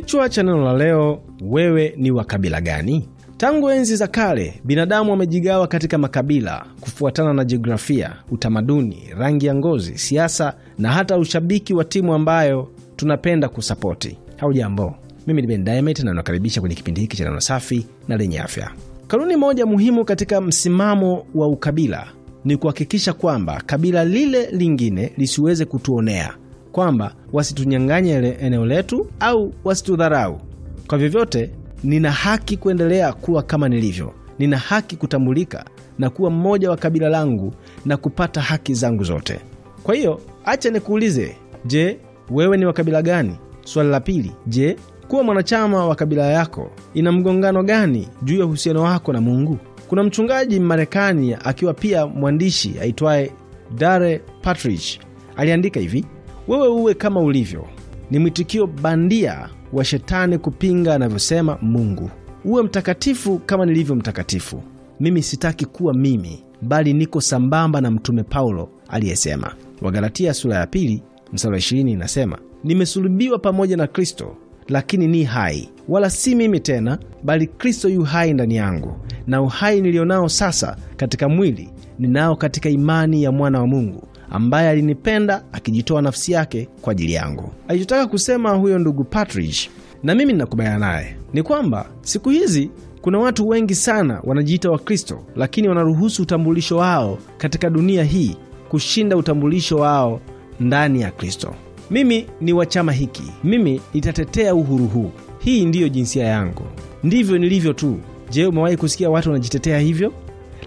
Kichwa cha neno la leo: wewe ni wa kabila gani? Tangu enzi za kale binadamu wamejigawa katika makabila kufuatana na jiografia, utamaduni, rangi ya ngozi, siasa na hata ushabiki wa timu ambayo tunapenda kusapoti. haujambo mimi ni Ben Diamond na nakaribisha kwenye kipindi hiki cha neno safi na lenye afya. Kanuni moja muhimu katika msimamo wa ukabila ni kuhakikisha kwamba kabila lile lingine lisiweze kutuonea kwamba wasitunyang'anye eneo letu au wasitudharau. Kwa vyovyote, nina haki kuendelea kuwa kama nilivyo. Nina haki kutambulika na kuwa mmoja wa kabila langu na kupata haki zangu zote. Kwa hiyo acha nikuulize, je, wewe ni wa kabila gani? Swali la pili, je, kuwa mwanachama wa kabila yako ina mgongano gani juu ya uhusiano wako na Mungu? Kuna mchungaji Marekani akiwa pia mwandishi aitwaye Dare patrich aliandika hivi: wewe uwe kama ulivyo. Ni mwitikio bandia wa shetani kupinga anavyosema Mungu. Uwe mtakatifu kama nilivyo mtakatifu. Mimi sitaki kuwa mimi, bali niko sambamba na Mtume Paulo aliyesema, Wagalatia sura ya pili mstari wa ishirini inasema, nimesulubiwa pamoja na Kristo, lakini ni hai, wala si mimi tena, bali Kristo yu hai ndani yangu, na uhai nilionao sasa katika mwili ninao katika imani ya mwana wa Mungu ambaye alinipenda akijitoa nafsi yake kwa ajili yangu. Alichotaka kusema huyo ndugu Partridge, na mimi ninakubaliana naye, ni kwamba siku hizi kuna watu wengi sana wanajiita Wakristo, lakini wanaruhusu utambulisho wao katika dunia hii kushinda utambulisho wao ndani ya Kristo. Mimi ni wa chama hiki, mimi nitatetea uhuru huu, hii ndiyo jinsia yangu, ndivyo nilivyo tu. Je, umewahi kusikia watu wanajitetea hivyo?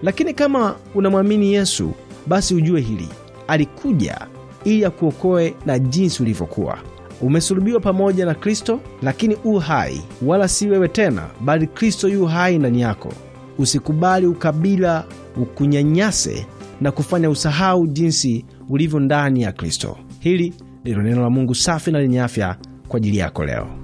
Lakini kama unamwamini Yesu, basi ujue hili alikuja ili akuokoe na jinsi ulivyokuwa. Umesulubiwa pamoja na Kristo, lakini u hai, wala si wewe tena, bali Kristo yu hai ndani yako. Usikubali ukabila ukunyanyase na kufanya usahau jinsi ulivyo ndani ya Kristo. Hili ndilo neno la Mungu safi na lenye afya kwa ajili yako leo.